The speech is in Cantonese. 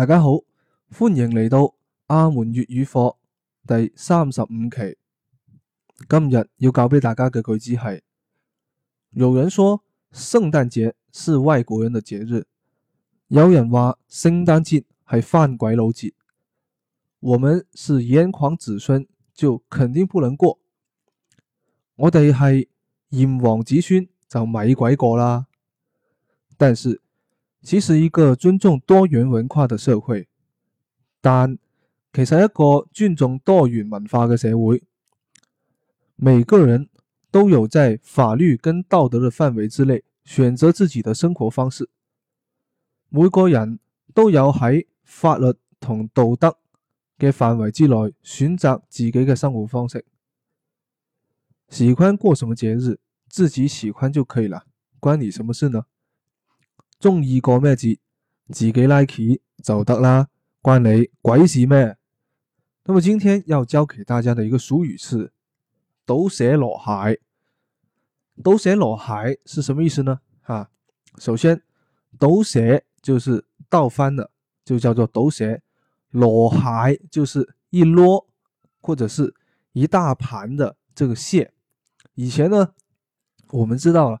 大家好，歡迎嚟到阿門粵語課第三十五期。今日要教俾大家嘅句子係：有人說聖誕節是外國人嘅節日，有人話聖誕節係番鬼佬節，我們是炎黃子孫就肯定不能過。我哋係炎黃子孫就咪鬼過啦。但是。只是一個尊重多元文化的社會，但其實一個尊重多元文化嘅社會，每個人都有在法律跟道德的範圍之內選擇自己的生活方式。每個人都有喺法律同道德嘅範圍之內選擇自己嘅生活方式。喜歡過什麼節日，自己喜歡就可以了，關你什麼事呢？中意過咩節，自己 like 就得啦，關你鬼事咩？那麼今天要教給大家的一個俗語是倒瀉蘿蟹，倒瀉蘿蟹是什麼意思呢？啊，首先倒瀉就是倒翻的，就叫做倒瀉。蘿蟹就是一籮或者是一大盤的這個蟹。以前呢，我們知道了。